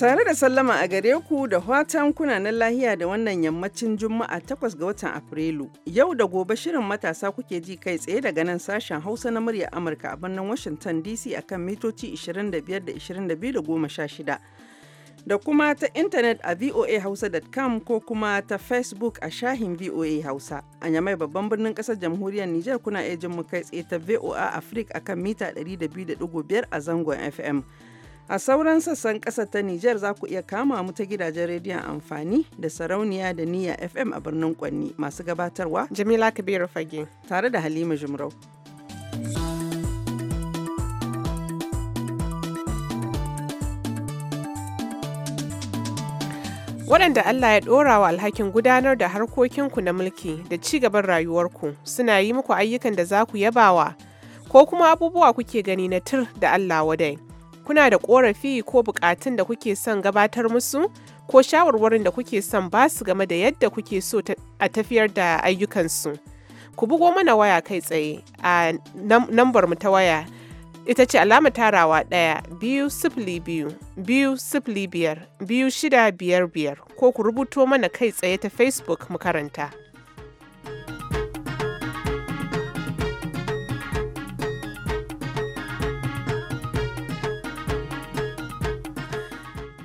Tare da sallama a gare ku da watan kunanan lahiya da wannan yammacin Juma'a 8 ga watan Afrilu. Yau da gobe shirin matasa kuke ji kai tsaye daga nan sashen Hausa na murya Amurka a birnin Washington DC akan mitoci 25 da 22 da kuma ta intanet a voahausa.com ko kuma ta Facebook a shahin VOA Hausa. A yamai babban birnin kasar jamhuriyar Nijar kuna iya jin mu kai tsaye ta VOA Africa akan mita 102.5 a zangon FM. A sauran sassan ƙasa ta Nijar za ku iya kama mu ta gidajen rediyon amfani da sarauniya da niyya FM a birnin Kwanni masu gabatarwa. Jamila Kabiru Fage. Tare da Halima Jumrau. waɗanda Allah ya ɗora wa alhakin gudanar da harkokinku na mulki da ci gaban rayuwarku suna yi muku ayyukan da za ku yabawa ko kuma abubuwa kuke gani na tir da Allah wadai. kuna da korafi ko bukatun da kuke son gabatar musu ko shawarwarin da kuke son basu game da yadda kuke so a tafiyar da ayyukansu ku bugo mana waya kai tsaye a nambar ta waya ita ce alama tarawa ɗaya biyu sifili biyu biyu sifili biyar biyu shida biyar biyar ko ku rubuto mana kai tsaye ta facebook mu karanta.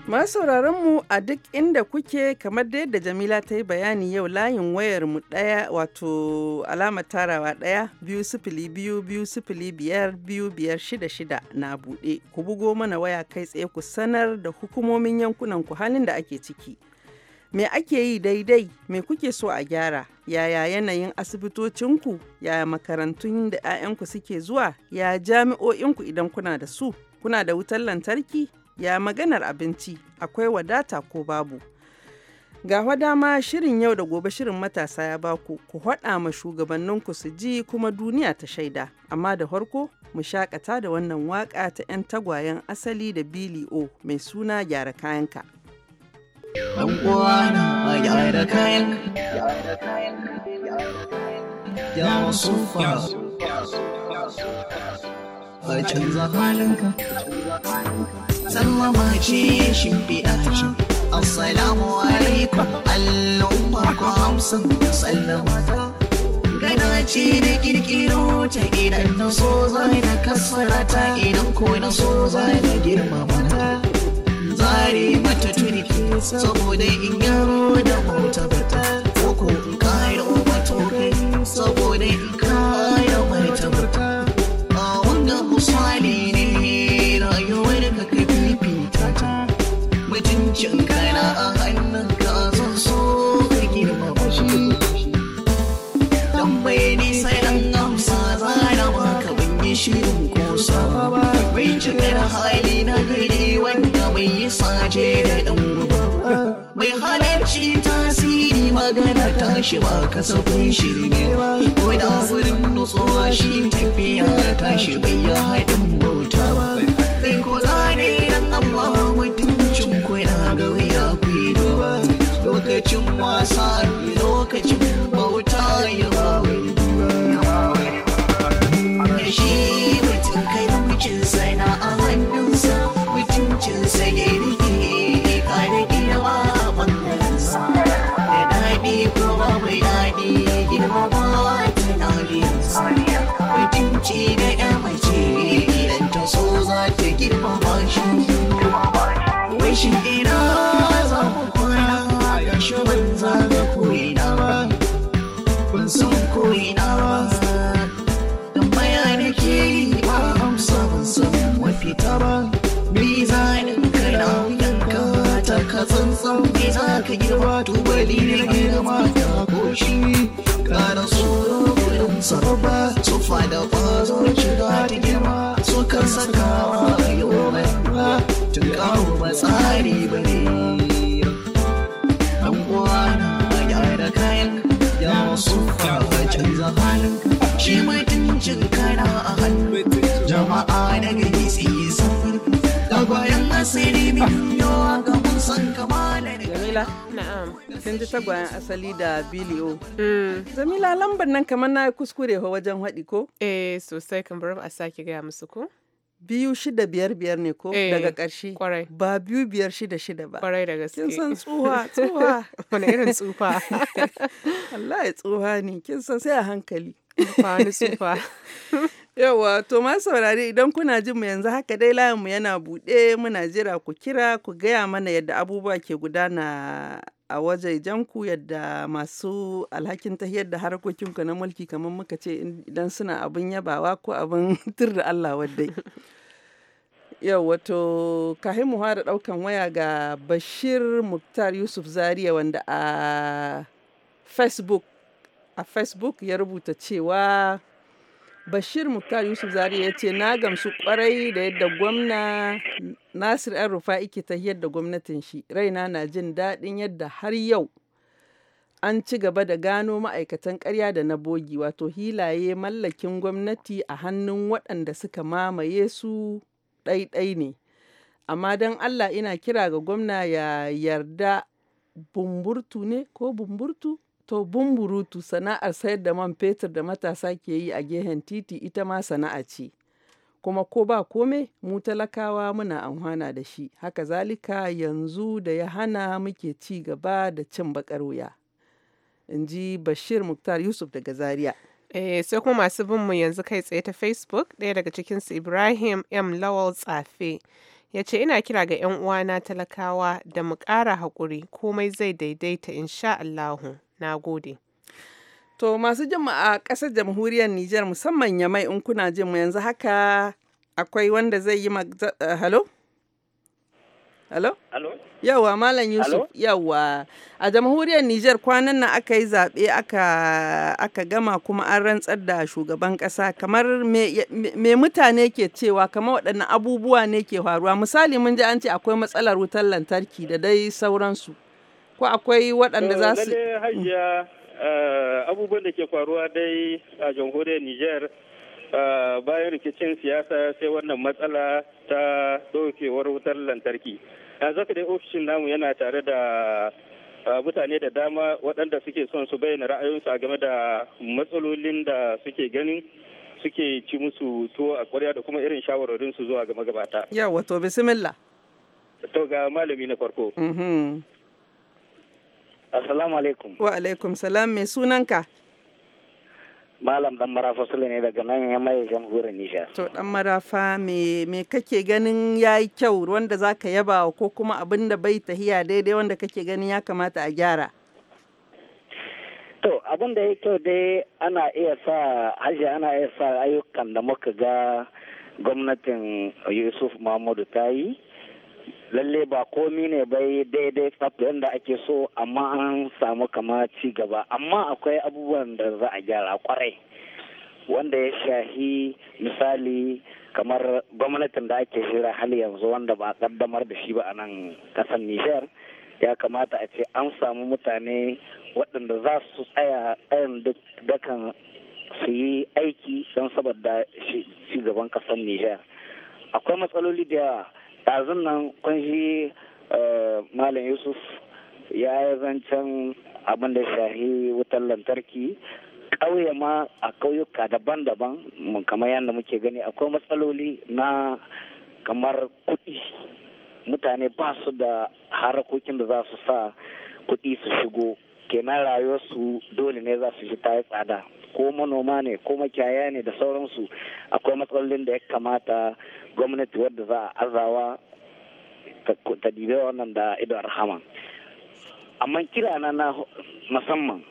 mu a duk inda kuke kamar da yadda Jamila ta yi bayani yau layin wayar mu ɗaya wato alama tarawa ɗaya biyu sifili biyu biyu sifili biyar biyu biyar shida shida na buɗe ku bugo mana waya kai tsaye ku sanar da hukumomin yankunan ku halin da ake ciki. Me ake yi daidai? Me kuke so a gyara? Yaya yanayin asibitocin ku Yaya makarantun da 'ya'yanku suke zuwa? Ya jami'o'inku idan kuna da su? Kuna da wutar lantarki? Ya maganar abinci, akwai wadata ko babu. Ga dama shirin yau da gobe shirin matasa ya baku, ku haɗa ma shugabanninku su ji kuma duniya ta shaida. Amma da farko, mu shakata da wannan waka ta 'yan tagwayen asali da Billy O mai suna gyara kayanka. Ɗan yeah, gyara kayanka, yeah, kayanka, gyara yeah, gyara kayanka, yeah, kayanka, gyara gyara kayanka, farcen zakalinka sallama ce ce assalamu alaikum al'umma ku hamsin sallama gana ce da kirkiro ta idan na so zai na kasara ta idan ko na so zai na girmama ta zari mata turki saboda in yaro da mota bata kwashewa kasafin shi ne ba ruwa tubali na girma ta koshi ƙara tsoro gudun sarba Su da ƙwazo shiga ta girma Su sukan sakawa a yau mai ruwa tun kawo Ya bane suka canza halin shi mutuncin kana a hannu jama'a daga gisi sun da bayan asiri biyu yawa ga kun san kamala Jamila. Na'am. Kin ji tagwayen asali da Bilio. Mm. Jamila lambar nan kamar na kuskure wajen haɗi ko? Eh sosai kan bari a sake gaya musu ko? biyu shida biyar biyar ne ko eh, daga ƙarshe ba biyu biyar shida shida ba kwarai da gaske kin san tsuha tsuha wani irin tsufa Allah ya tsuha ne kin san sai a hankali ba ni tsufa Yawa, to ma saurari idan kuna jin mu yanzu haka dai layinmu yana buɗe muna jira ku kira ku gaya mana yadda abubuwa ke gudana a wajen ku yadda masu alhakin tahiyar da harkokinku na mulki kamar muka ce idan suna abin yabawa ko abin tur da Allah wadda yau wato kahin mu da daukan waya ga bashir muktar yusuf zaria wanda a a facebook ya rubuta cewa Bashir Muktar Yusuf Zari ya ce na gamsu kwarai da yadda gwamna Nasir ‘yan rufa ke tahiyar da gwamnatin shi. Raina na jin daɗin yadda har yau an ci gaba da gano ma'aikatan ƙarya da na bogi wato hilaye mallakin gwamnati a hannun waɗanda suka mamaye su ɗaiɗai ne. Amma don Allah ina kira ga gwamna ya yarda bumburtu ne ko bumburtu? To bumburutu sana'ar sayar da man fetur da matasa ke yi a gehen titi ita ma sana'a ce. Kuma ko ba kome mu talakawa muna amfana da shi, haka zalika yanzu da ya hana muke ci gaba da cin bakar wuya. In ji Bashir Muktar Yusuf daga Zaria. Eh, sai kuma masu bin mu yanzu kai tsaye ta Facebook ɗaya daga cikinsu Ibrahim M. Lawal Tsafe. ya ce ina kira ga 'yan uwana talakawa da mu ƙara haƙuri komai zai daidaita insha Allahu. Na gode. To masu jama'a a ƙasar jamhuriyar Nijar musamman yamai in kuna jin mu yanzu haka akwai wanda zai yi uh, eh, halo? Halo? Yawa Malam Yusuf yawa a jamhuriyar Nijar kwanan nan aka yi zaɓe aka, gama kuma an rantsar da shugaban ƙasa kamar me, mutane ke cewa kamar waɗannan abubuwa ne ke faruwa misali mun ji an ce akwai matsalar wutar lantarki da dai sauransu. ko akwai waɗanda eh, za su hajiya eh, abubuwan da ke faruwa dai a jamhuriyar niger eh, bayan rikicin siyasa sai wannan matsala ta ɗaukewar wutar lantarki yanzu dai ofishin namu yana tare da mutane da dama waɗanda suke son su bayyana ra'ayinsu a game da matsalolin da suke ganin suke ci musu tuwo a ƙwarya da kuma irin shawarorinsu zuwa ga magabata. Yawa to bismillah. To ga malami na farko. Mm-hmm. Assalamu alaikum. Wa alaikum salam mai sunanka. Malam dan marafa sule ne daga nan ya mai jamhuriyar Nijar. To dan marafa me kake ganin ya yi kyau wanda za ka yaba ko kuma abin da bai tahiya daidai wanda kake ganin ya kamata a gyara? To abin da ya kyau dai ana iya sa hajji ana iya sa ayyukan da muka ga gwamnatin Yusuf Mahmudu ta yi lalle ba komi ne bai daidai tsaf yadda ake so amma an samu kama ci gaba amma akwai abubuwan da za a gyara kwarai wanda ya shahi misali kamar gwamnatin da ake jira hal yanzu wanda ba a kaddamar da shi ba a nan kasan nijar ya kamata a ce an samu mutane waɗanda za su tsaya tsayin dukkan su yi aiki don saboda ci gaban kasar nijar akwai matsaloli da yawa yanzun nan kun eh, malam yusuf ya yi zancen abin da shahi wutar lantarki ƙauye ma a ƙauyuka daban-daban kamar yadda muke gani akwai matsaloli na kamar kuɗi mutane ba su da harakokin da za su sa kuɗi su shigo kenan rayuwarsu dole ne za su shi ta yi tsada ko manoma ne ko makiyaya ne da sauransu akwai matsalolin da ya kamata gwamnati wadda za a arzawa ta dibe wannan da ido arhama amma kira na na musamman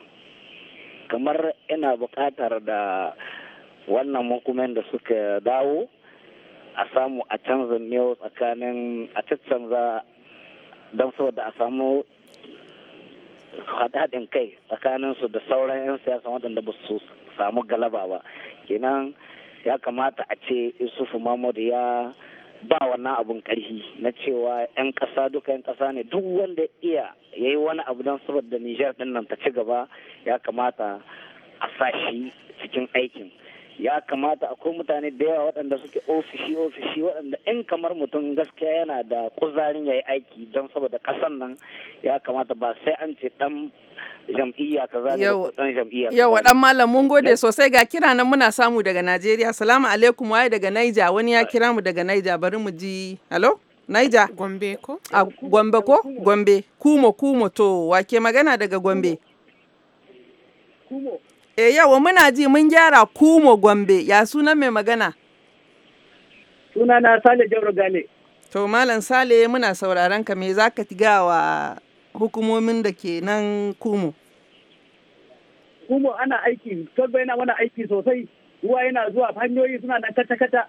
kamar ina bukatar da wannan hukumar da suka dawo a samu a canza miyau tsakanin a caccanza don saboda a samu haɗaɗin haɗin kai tsakaninsu da sauran 'yan siyasa waɗanda ba su samu galaba ba kenan ya kamata a ce yusuf mahmud ya ba wannan abun karfi na cewa 'yan ƙasa duka 'yan ƙasa ne duk wanda iya ya yi wani abu don saboda nijar ɗin nan ta ci gaba ya kamata a sa shi cikin aikin ya kamata akwai mutane da yawa waɗanda suke ofishi ofishi waɗanda in kamar mutum gaskiya yana da kuzarin ya yi aiki don saboda ƙasan nan ya kamata ba sai an ce ɗan jam'iyya kaza ne ɗan jam'iyya yawa ɗan malam mun gode sosai ga kira nan muna samu daga najeriya salamu alaikum waye daga naija wani ya kira mu daga naija bari mu ji halo naija gombe ko a gombe ko gombe kumo kumo to wake magana daga gombe E eh, yawa muna ji mun gyara kumo Gombe ya sunan mai magana. Sunana Sale Jauro Gale. To Malam Sale muna sauraron ka me za ka tiga wa hukumomin da ke nan kumo. Kumo ana aiki, Tolba yana wani aiki sosai, ruwa yana zuwa hanyoyi suna nan kata-kata.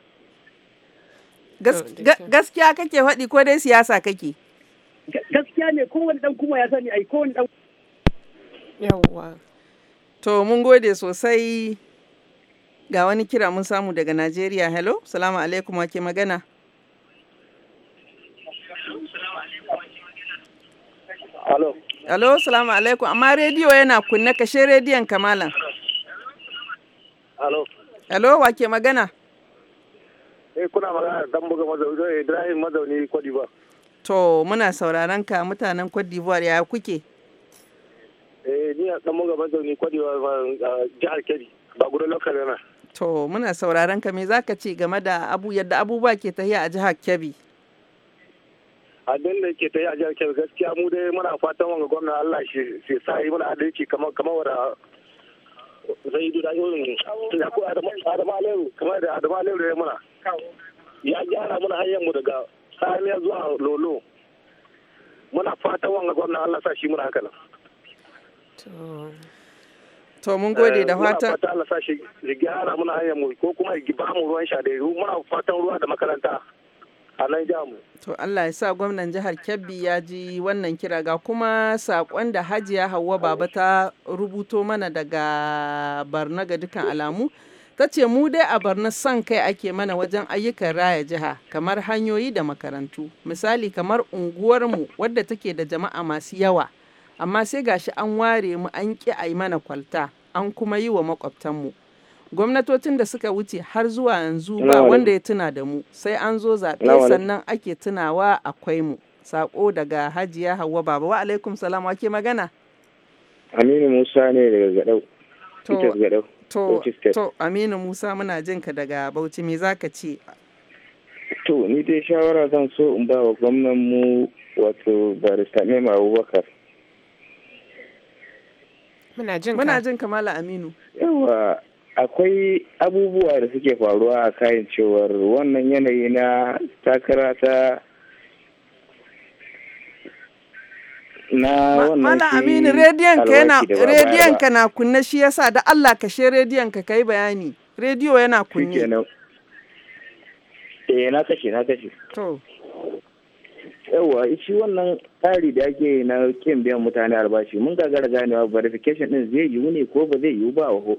Gaskiya kake faɗi ko dai siyasa kake? Gaskiya ne kowane ɗan kuma ya sani ai kowane ɗan. Yawwa. To mun gode sosai ga wani kira mun samu daga Najeriya. Hello, salamu alaikum wake magana. Hello. Hello, salamu alaikum. Amma rediyo yana kunne kashe rediyon kamalan. Hello. Hello, wake magana. Eh kuna magana dan buga mazauni eh, Ibrahim mazauni Kwadiba. To muna sauraron ka mutanen Kwadiba ya kuke? Eh ni a dan magaban zauni kwadewa jihar Kebbi ba gudun lokal yana. To muna sauraron ka me za ka ce game da abu yadda abubuwa ke tahiya a jihar Kebbi? abin da ke ta a jihar Kebbi gaskiya mu dai muna fatan wanga gwamna Allah shi sai sa yi muna adalci kamar kamar wada zai duda irin da ku Adamu Adama Aleru kamar da Adama Aleru ya muna ya gyara muna hanyar mu daga Saniya zuwa Lolo muna fatan wanga gwamna Allah sa shi muna haka nan to mun gode da eh, fatan. Allah sashi rigyara muna hanyar mu ko kuma ba mu ruwan sha da muna fatan ruwa da makaranta a nan mu. to Allah ya sa gwamnan jihar Kebbi ya ji wannan kira ga kuma saƙon da Hajiya Hauwa Baba ta rubuto mana daga Barna ga dukan alamu ta ce mu dai a barna son kai ake mana wajen ayyukan raya jiha kamar hanyoyi da makarantu misali kamar unguwarmu wadda take da jama'a masu yawa amma sai gashi an ware mu an ƙi a yi mana kwalta an kuma yi wa makwabtanmu gwamnatocin da suka wuce har zuwa yanzu ba wanda ya tuna da mu sai an zo zaɓe sannan ake tunawa akwai mu sako daga hajiya hawa baba wa alaikum salam wa ke magana aminu musa ne daga gadau to to to aminu musa muna jin ka daga bauchi me zaka ce to ni dai shawara zan so in ba wa gwamnan mu wato barista mema abubakar Muna jin Muna jin Kamala Aminu. Yawa akwai abubuwa da suke faruwa a kayan cewar wannan yanayi na takara ta na wannan Mala Aminu rediyon ka rediyon ka na kunna shi yasa da Allah ka she rediyon ka kai bayani. Rediyo yana kunne. Eh na kashe na kashe. To. Yawa shi wannan tsari da ake na kin biyan mutane albashi mun gagara ganewa verification din zai yiwu ne ko ba zai yiwu ba waho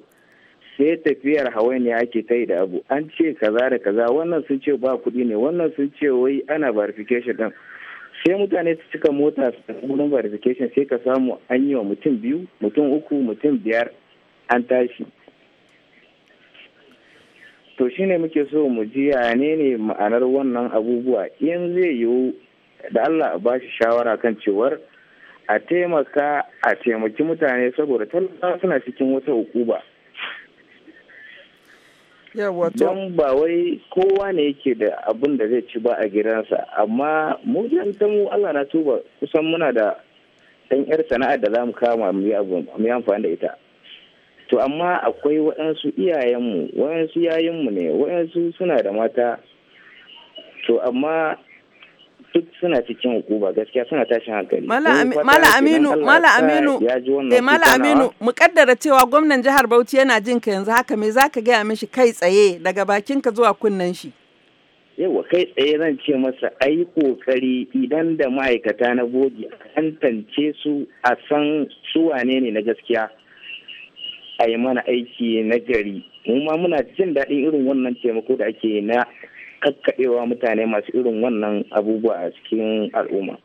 sai tafiyar ne ake ta da abu an ce kaza da kaza wannan sun ce ba kuɗi ne wannan sun ce wai ana verification din sai mutane su cika mota su wurin verification sai ka samu an yi wa mutum biyu mutum uku mutum biyar an tashi to shine muke so mu ji ne ma'anar wannan abubuwa in zai yiwu da Allah ba shi shawara kan cewar a taimaka a taimaki mutane saboda talakawa suna cikin wata hukuba. don ba wai kowa ne yake da abin da zai ci ba a gidansa amma mu ta mu Allah na tuba kusan muna da ɗan yar sana'ar da za mu kama mu yi amfani da ita to amma akwai waɗansu iyayenmu waɗansu yayinmu ne waɗansu suna da mata to amma duk suna cikin hukuma gaskiya suna tashin hankali mala aminu mala aminu eh mala aminu mu kaddara cewa gwamnan jihar Bauchi yana jin ka yanzu haka me zaka gaya mishi kai tsaye daga bakin ka zuwa kunnen shi yawa kai tsaye zan ce masa ayi kokari idan da ma'aikata na bogi a tantance su a san su wane ne na gaskiya a yi mana aiki na gari mu ma muna jin daɗin irin wannan taimako da ake na kakkaɗewa mutane masu irin wannan abubuwa a cikin al'umma.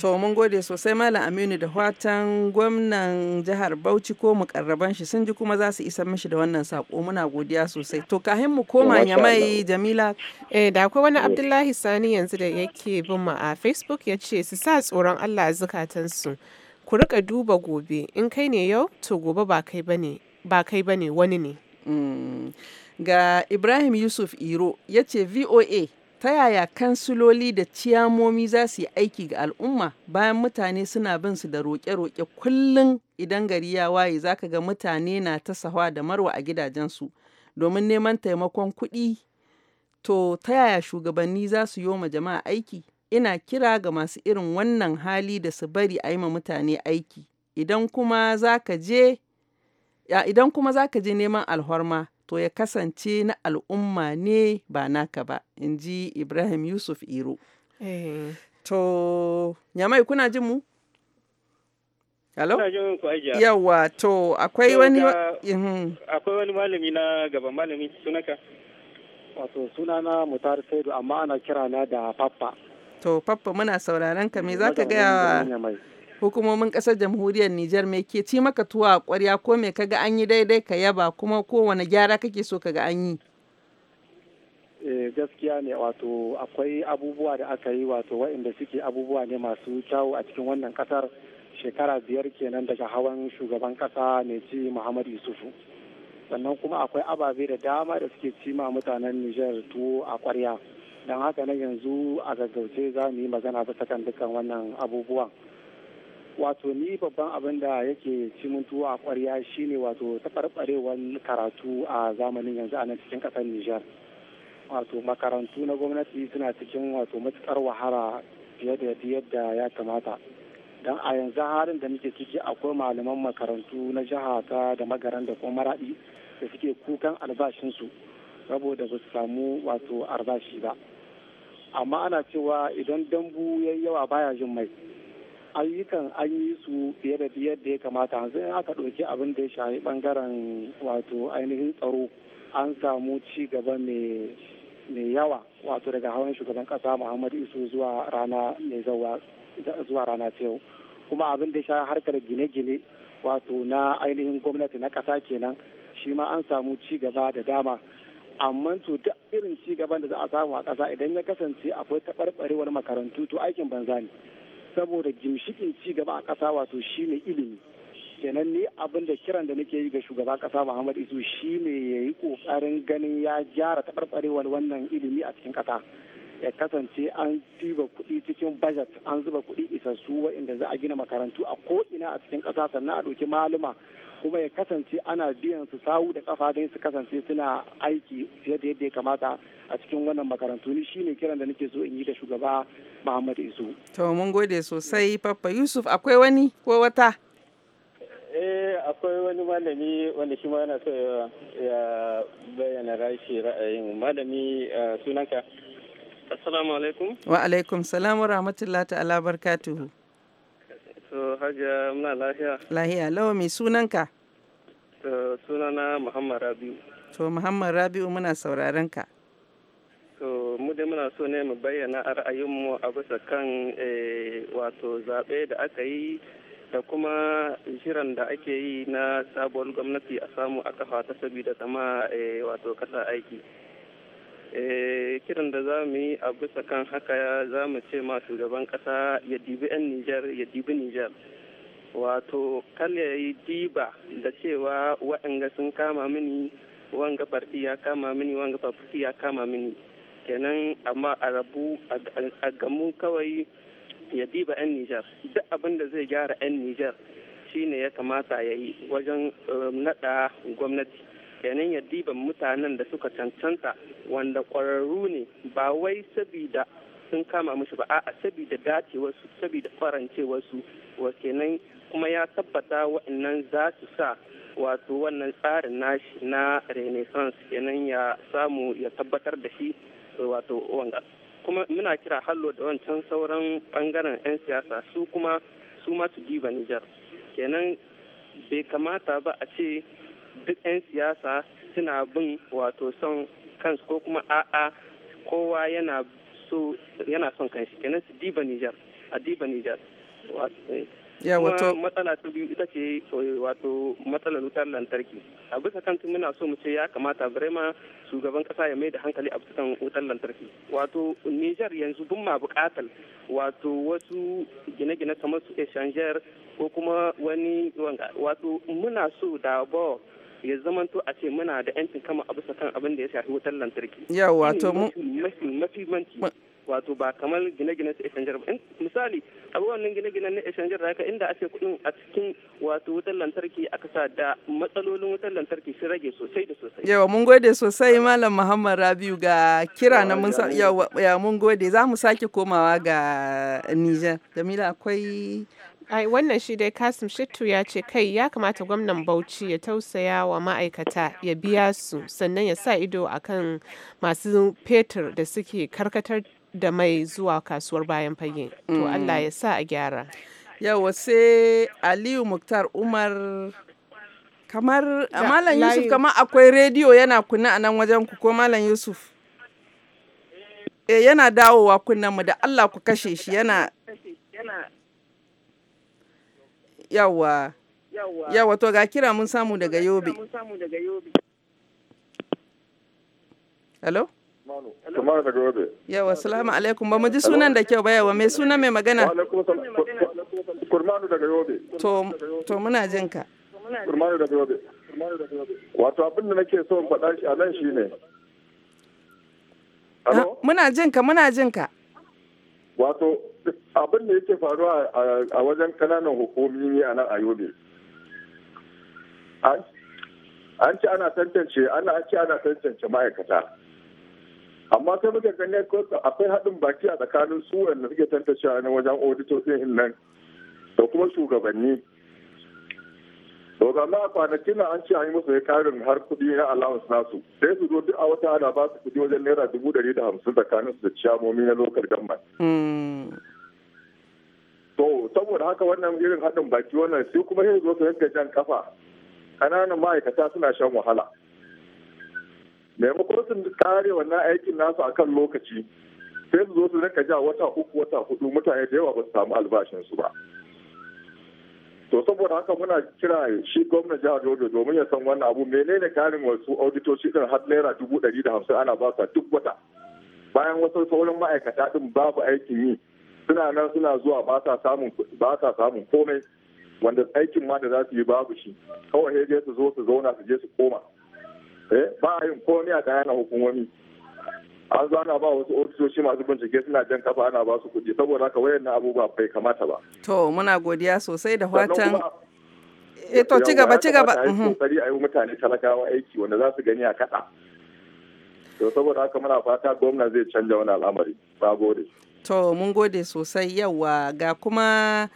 To mun gode sosai Malam Aminu da watan gwamnan jihar Bauchi ko mukarraban shi sun ji kuma za su isa mishi da wannan sako muna godiya sosai. To kahin mu koma ya mai Jamila. Eh da akwai wani Abdullahi Sani yanzu da yake bin mu a Facebook ya ce su sa tsoron Allah zukatansu. Ku rika duba gobe in kai ne yau to gobe ba kai bane ba kai wani ne. Mm. ga Ibrahim Yusuf Iro ya ce VOA ta yaya kansiloli da ciyamomi za su yi aiki ga al'umma bayan mutane suna bin su da roƙe-roƙe kullum idan gari ya waye za ka ga mutane na ta sahwa da marwa a gidajensu domin neman taimakon kuɗi to ta yaya shugabanni za su yoma jama'a aiki ina kira ga masu irin wannan hali da su bari a yi ma mutane aiki idan kuma za idan kuma za ka je neman alhorma to ya kasance na al'umma ne ba naka ba in ji ibrahim yusuf iro eh. to nyamai kuna jin mu Hello? Yawa to akwai wani akwai mhm. wani malami na gaban malami sunaka. Wato sunana Mutar Saidu amma ana kira na da Pappa. To Pappa muna sauraron ka me zaka gaya wa hukumomin kasar jamhuriyar Nijar me ke ci maka tuwa a kwarya ko me kaga an yi daidai ka yaba kuma kowane gyara kake so kaga an yi eh, gaskiya ne wato akwai abubuwa da aka yi wato waɗanda suke abubuwa ne masu kyawu a cikin wannan kasar shekara biyar kenan daga hawan shugaban kasa mai ci muhammadu yusufu sannan kuma akwai ababe da dama da suke ci ma mutanen nijar tuwo a kwarya don haka na yanzu a gaggauce za mu yi magana bisa kan dukkan wannan abubuwan wato ni babban abin da yake cimintuwa a kwarya shine wato taɓarɓarewar karatu a zamanin yanzu a nan cikin ƙasar Nijar. Wato makarantu na gwamnati suna cikin wato matukar wahala fiye da yadda ya kamata. Don a yanzu harin da muke ciki akwai malaman makarantu na jiha ta da magaran da kuma maraɗi da suke kukan albashinsu saboda ba su samu wato albashi ba. Amma ana cewa idan dambu ya yawa baya jin mai. ayyukan an yi su fiye da yadda ya kamata yanzu in aka ɗauki abin da ya shafi ɓangaren wato ainihin tsaro an samu ci gaba mai yawa wato daga hawan shugaban ƙasa muhammadu isu zuwa rana mai zuwa rana ta yau kuma abin da ya shafi harkar gine-gine wato na ainihin gwamnati na ƙasa kenan shi ma an samu ci gaba da dama amma to duk irin ci gaban da za a samu a ƙasa idan ya kasance akwai taɓarɓarewar makarantu to aikin banza ne saboda gimshikin ci gaba a ƙasa wato shi ne ilimi kenan ne abin da kiran da nake yi ga shugaba ƙasa Muhammad Isu shi ya yi ƙoƙarin ganin ya gyara taɓarɓarewar wannan ilimi a cikin ƙasa ya kasance an diba kuɗi cikin budget an zuba kuɗi isassu waɗanda za a gina makarantu a ko'ina a cikin ƙasa sannan a ɗauki maluma kuma ya kasance ana biyan su sawu da kafa dai su kasance suna aiki fiye da yadda ya kamata a cikin wannan makarantu ni shine kiran da nake so in yi da shugaba muhammad Isu. To mun gode sosai Papa Yusuf akwai wani ko wata? Eh akwai wani malami wanda shi ma yana so ya bayyana rashi ra'ayin malami eh, sunanka. Assalamu alaikum. Wa alaikum salam wa rahmatullahi ta'ala barkatuhu. To hajiya muna lahiya. Lahiya lawa mai sunanka? To sunana Muhammad Rabiu. To Muhammad Rabiu muna sauraron ka. To mu dai muna so ne mu bayyana ra'ayinmu a bisa kan eh, wato zaɓe da aka yi da kuma shirin da ake yi na sabuwar gwamnati a samu a kafa ta sabida zama eh, wato ƙasa aiki. Eh, kiran da za mu yi a bisa kan haka za mu ce ma shugaban kasa ya dibi 'yan Nijar ya dibi Nijar. Wato, kar ya yi diba da cewa waɗanga sun kama mini wanga farti ya kama mini wanga farti ya kama mini. Kenan amma a rabu a gamu kawai ya diba 'yan Nijar. Duk abin da zai gyara 'yan Nijar shine ya kamata ya yi wajen eh, naɗa gwamnati. kenan ya diba mutanen da suka cancanta wanda ƙwararru ne ba wai sabida sun kama musu ba a sabida dacewarsu sabida kwarancewarsu wa kenan kuma ya tabbata wa'annan za su sa wato wannan tsarin nashi na renaissance kenan ya samu ya tabbatar da shi wato wanga kuma muna kira hallo da wancan sauran bangaren 'yan siyasa su kuma su masu diba nijar kenan bai kamata ba a ce duk 'yan siyasa suna bin wato son kansu ko kuma a'a kowa yana so yana son kanshi kenan su diba Nijar a diba Nijar ya wato matsala ta biyu ita ce wato matsalar wutar lantarki a bisa kan muna so mu ce ya kamata birema shugaban kasa ya mai da hankali a kan wutar lantarki wato Nijar yanzu duk ma bukatar wato wasu gine-gine kamar su ko kuma wani wato muna so da bo ya zamanto a ce muna da yancin kama a bisa kan abin da ya shafi wutar lantarki yawa to mu mafi mafi manci wato ba kamar gine-gine su exchanger ba misali abubuwan nan gine-ginen na exchanger da inda a ce kudin a cikin wato wutar lantarki a kasa da matsalolin wutar lantarki sun rage sosai da sosai yawa mun gode sosai malam muhammad rabiu ga kira na mun yawa mun gode za mu sake komawa ga Nijar jamila akwai ai wannan shi dai kasim shittu ya ce kai ya kamata gwamnan bauchi ya tausaya wa ma'aikata ya biya su sannan ya sa ido akan masu fetur da suke karkatar da mai zuwa kasuwar bayan fage to mm. allah ya sa a gyara yawa sai aliyu muktar umar kamar malam yusuf kamar akwai rediyo yana kunna a nan wajen ku ko malam yusuf eh, yana dawowa kunnen mu da allah ku kashe shi yana Yawa. Yawa to ga kira mun samu daga Yobe. Hello? Tumara daga Yobe. Yawa salamu alaikum ba mu ji sunan da kyau ba yawa mai sunan mai magana. Kurmanu daga Yobe. To muna jin ka. Kurmanu daga Yobe. Wato abin da nake so in faɗa shi a nan ne ah, Muna jin ka muna jin ka. Wato abin da yake faruwa a wajen kananan hukumi ne a nan a yobe an ce ana tantance ana ce ana tantance ma'aikata amma sai muka gane akwai haɗin baki a tsakanin su wanda suke tantancewa na wajen auditocin nan da kuma shugabanni to ga a kwanakin nan an ce an yi musu karin har kuɗi na allowance nasu sai su zo duk a wata ana ba su kuɗi wajen naira dubu ɗari da hamsin tsakanin su da ciyamomi na lokal gamman to saboda haka wannan irin haɗin baki wannan sai kuma sai zo su rinka jan kafa ƙananan ma'aikata suna shan wahala maimakon su kare wannan aikin nasu akan lokaci sai su zo su rinka ja wata uku wata hudu mutane da yawa ba su samu albashinsu ba to saboda haka muna kira shi gwamnan jihar Yobe domin ya san wannan abu menene karin wasu auditoci din har naira dubu ɗari da hamsin ana ba duk wata bayan wasu sauran ma'aikata din babu aikin yi suna nan suna zuwa ba sa samun ba sa samun komai wanda aikin ma da za su yi babu shi kawai sai je su zo su zauna su je su koma eh ba yin komai a kayan hukumomi an zo ana ba wasu ofisoshi masu bincike suna jan kafa ana ba su kuɗi saboda haka wayan na abubuwa bai kamata ba to muna godiya sosai da watan e eh, to ci gaba ci gaba mhm. kokari a yi mutane talakawa aiki wanda za su gani a kaɗa to saboda haka muna fata gwamna zai canja wani al'amari ba gode To mun gode sosai yawa ga kuma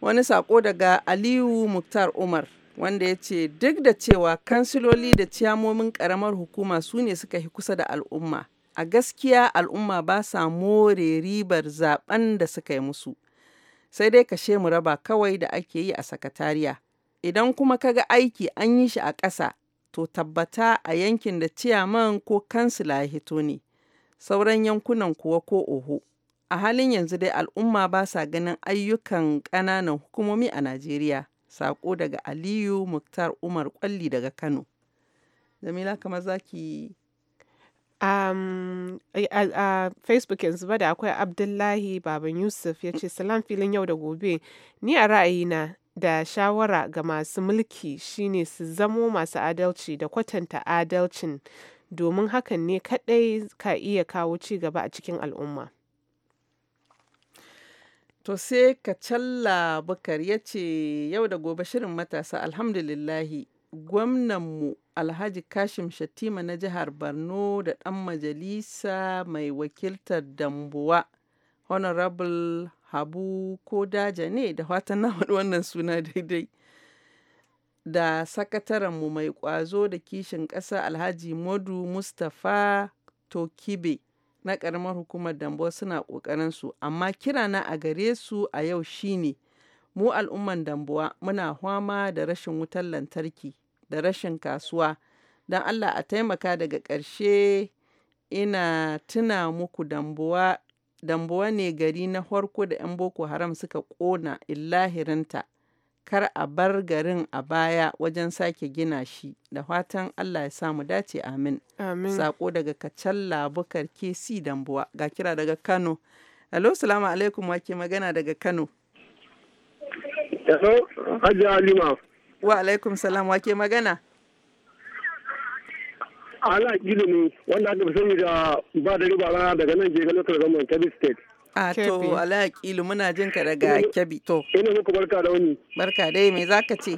wani sako daga Aliyu Muktar Umar. wanda ya ce duk da cewa kansiloli da ciyamomin karamar hukuma su ne suka fi kusa da al'umma a gaskiya al'umma ba sa more ribar zaben da suka yi musu sai dai kashe mu raba kawai da ake yi a sakatariya idan kuma kaga aiki an yi shi a ƙasa to tabbata a yankin da ciyaman ko kansila ya hito ne sauran yankunan kuwa ko oho a halin yanzu dai al'umma ba sa ganin ayyukan ƙananan hukumomi a Najeriya. Sako daga Aliyu Muktar Umar Kwalli daga Kano. Jamila kamar zaki um, a, a, a facebook yanzu ba da akwai abdullahi baban yusuf ya ce salam filin yau da gobe ni a ra'ayina da shawara ga masu mulki shine su zamo masu adalci da kwatanta adalcin domin hakan ne kadai ka iya kawo ci gaba a cikin al'umma To sai Kacalla bakar ya ce yau da gobe shirin matasa alhamdulillahi gwamnanmu Alhaji Kashim shatima na jihar Borno da ɗan majalisa mai wakiltar Dambuwa Honorable Habu ko daja ne da fatan na wannan suna daidai. Da sakatarenmu mai ƙwazo da kishin ƙasa Alhaji Modu Mustapha Tokibe na ƙaramar hukumar Dambo suna ƙoƙarin su amma kirana a gare su a yau shine mu al'umman Dambuwa muna hwama da rashin wutar lantarki da rashin kasuwa don Allah a taimaka daga ƙarshe ina tuna muku Dambuwa Dambuwa ne gari na farko da 'yan Boko Haram suka ƙona illahirinta. kar a bar garin a baya wajen sake gina shi da fatan Allah ya samu dace amin. Amin. Sako daga kacal labukar Kesi Dambuwa ga kira daga Kano. Hello, salamu alaikum wake magana daga Kano. Hello, Hajji Halima. Wa alaikum salam wake magana. Ala ne wanda aka fi sani da ba da riba rana daga nan je ga lokacin government Kebbi State. A to alaƙilu muna jin ka daga Kebbi to. Ina muku barka da wani. Barka dai mai za ka ce?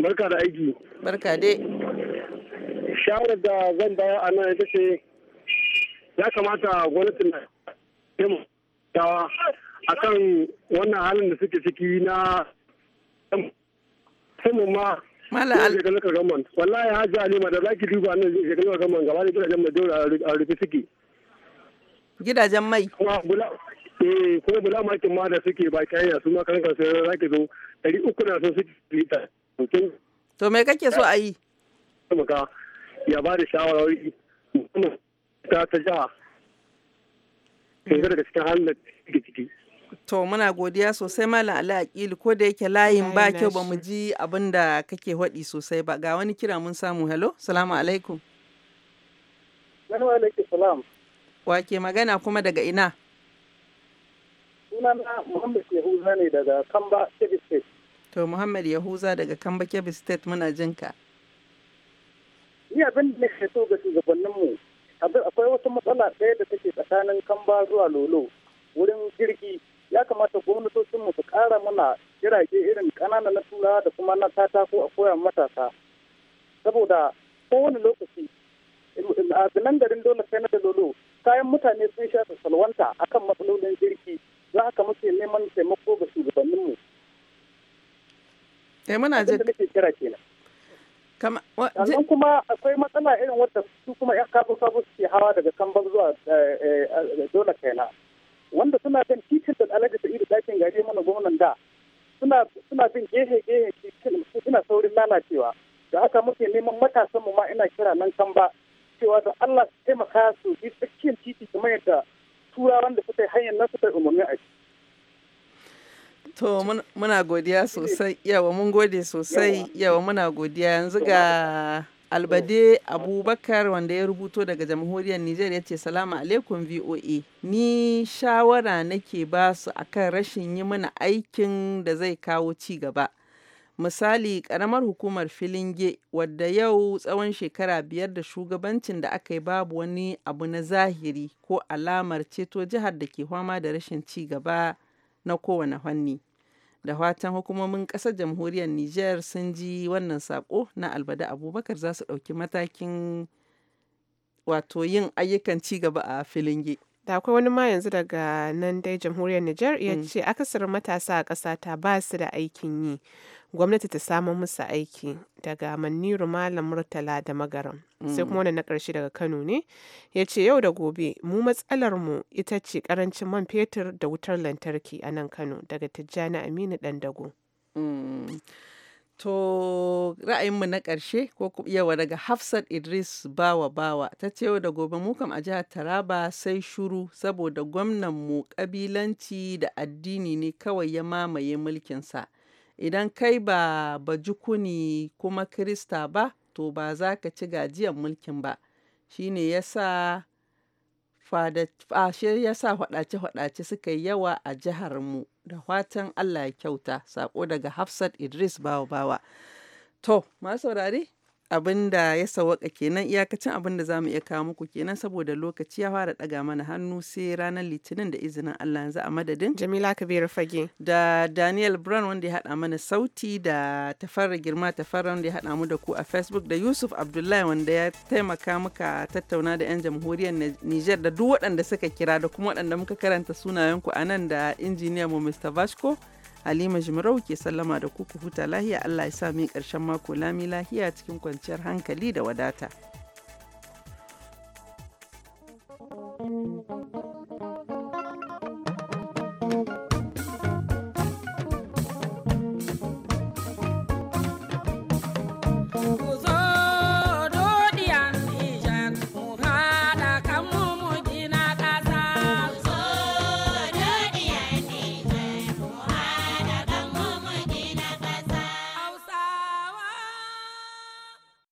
Barka da aiki. Barka dai. Shawarar da zan bayar a nan ita ce ya kamata gwamnatin na da dawa a kan wannan halin da suke ciki na samun ma Mala al wallahi Hajji Halima da zaki duba nan zai shekaru kan gaba da gidajen mai dora a rufe suke. Gidajen mai. Eh, kuma bula makin ma da suke ba kayan su makar kankan sai za ki zo ɗari uku na sun suke lita. To me kake so a yi? ya ba da shawarwari ta ta ja. kuma daga cikin hannun da ciki. To muna godiya sosai Malam Ali Akili ko da yake layin ba kyau ba mu ji abin da kake hwaɗi sosai ba ga wani kira mun samu hello salamu alaikum. Salamu alaikum salam. wake magana kuma daga ina? Sunana Muhammad Yahuza ne daga Kamba Kebbi State. To Muhammad Yahuza daga Kamba Kebbi State muna ka. Ni abin da nake so ga shugabanninmu akwai wata matsala ɗaya da take tsakanin Kamba zuwa Lolo wurin jirgi ya kamata gwamnatocinmu su ƙara mana jirage irin ƙanana na tura da kuma na ko a koyan matasa saboda kowane lokaci nan garin dole sai na da lolo kayan mutane sun sha salwanta akan matsalolin jirgi za ka muke neman taimako ga shugabanninmu. Eh muna je. Da kira kenan. sannan kuma akwai matsala irin wadda su kuma yan kabo kabo suke hawa daga kambar zuwa eh, eh, dole kaina wanda suna bin titin da ta iri dakin gari mana gwamnan da suna bin gehe gehe titin suna saurin lalacewa da haka muke neman matasanmu ma ina kira nan kan ba cewa da Allah su taimaka su yi tsakiyar titi kamar yadda turawan da suka yi hanyar nasu ta umarni a To muna godiya sosai, yawa mun gode sosai, yawa muna godiya yanzu ga albade abubakar wanda ya rubuto daga jamhuriyar nijar ya ce salamu alaikum voa ni shawara nake ba su akan rashin yi mana aikin da zai kawo ci gaba Misali, karamar hukumar Filinge, wadda yau tsawon shekara biyar da shugabancin da aka yi babu wani abu na zahiri ko alamar ceto jihar da ke fama da rashin ci gaba na kowane fanni. Da fatan hukumomin ƙasar jamhuriyar niger sun ji wannan sako na albada Abubakar za su ɗauki matakin wato yin ayyukan ci gaba a Filinge. Da akwai wani ma yanzu daga nan dai jamhuriyar Nijar ya mm. ce akasarin matasa a ƙasata ba su da aikin yi. Gwamnati ta samu musu aiki daga Maniru Malam Murtala da Magaram. Sai kuma mm. wani na ƙarshe daga Kano ne ya ce yau da gobe mu matsalar mu ita ce ƙarancin man fetur da wutar lantarki a nan Kano daga Tijjani Aminu Dandago. dago. Mm. To ra'ayinmu na ƙarshe ko yawa daga Hafsat Idris Bawa Bawa ta ce da gobe mukam a jihar Taraba sai shuru saboda gwamnan mu ƙabilanci da addini ne kawai ya mamaye mulkinsa. Idan kai ba bajukuni kuma Kirista ba, to ba za ka ci gajiyan mulkin ba. Shi ne ya sa Ashe ya sa faɗace-faɗace suka yi yawa a jihar mu da fatan Allah ya kyauta, sako daga Hafsat Idris Bawa Bawa. To, masu saurari, abin da ya sawaka kenan iyakacin abin da zamu iya kawo muku kenan saboda lokaci ya fara daga mana hannu sai ranar litinin da izinin Allah yanzu a madadin Jamila Kabiru Fage da Daniel Brown wanda ya hada mana sauti da Tafarra Girma Tafarra wanda ya hada mu da ku a Facebook da Yusuf Abdullahi wanda ya taimaka muka tattauna da 'yan jamhuriyar Niger da duk waɗanda suka kira da kuma waɗanda muka karanta sunayen ku a nan da injiniya mu Mr. Vasco Halima Jimarau ke sallama da kuku huta lahiya Allah ya sami ƙarshen mako lami lahiya cikin kwanciyar hankali da wadata.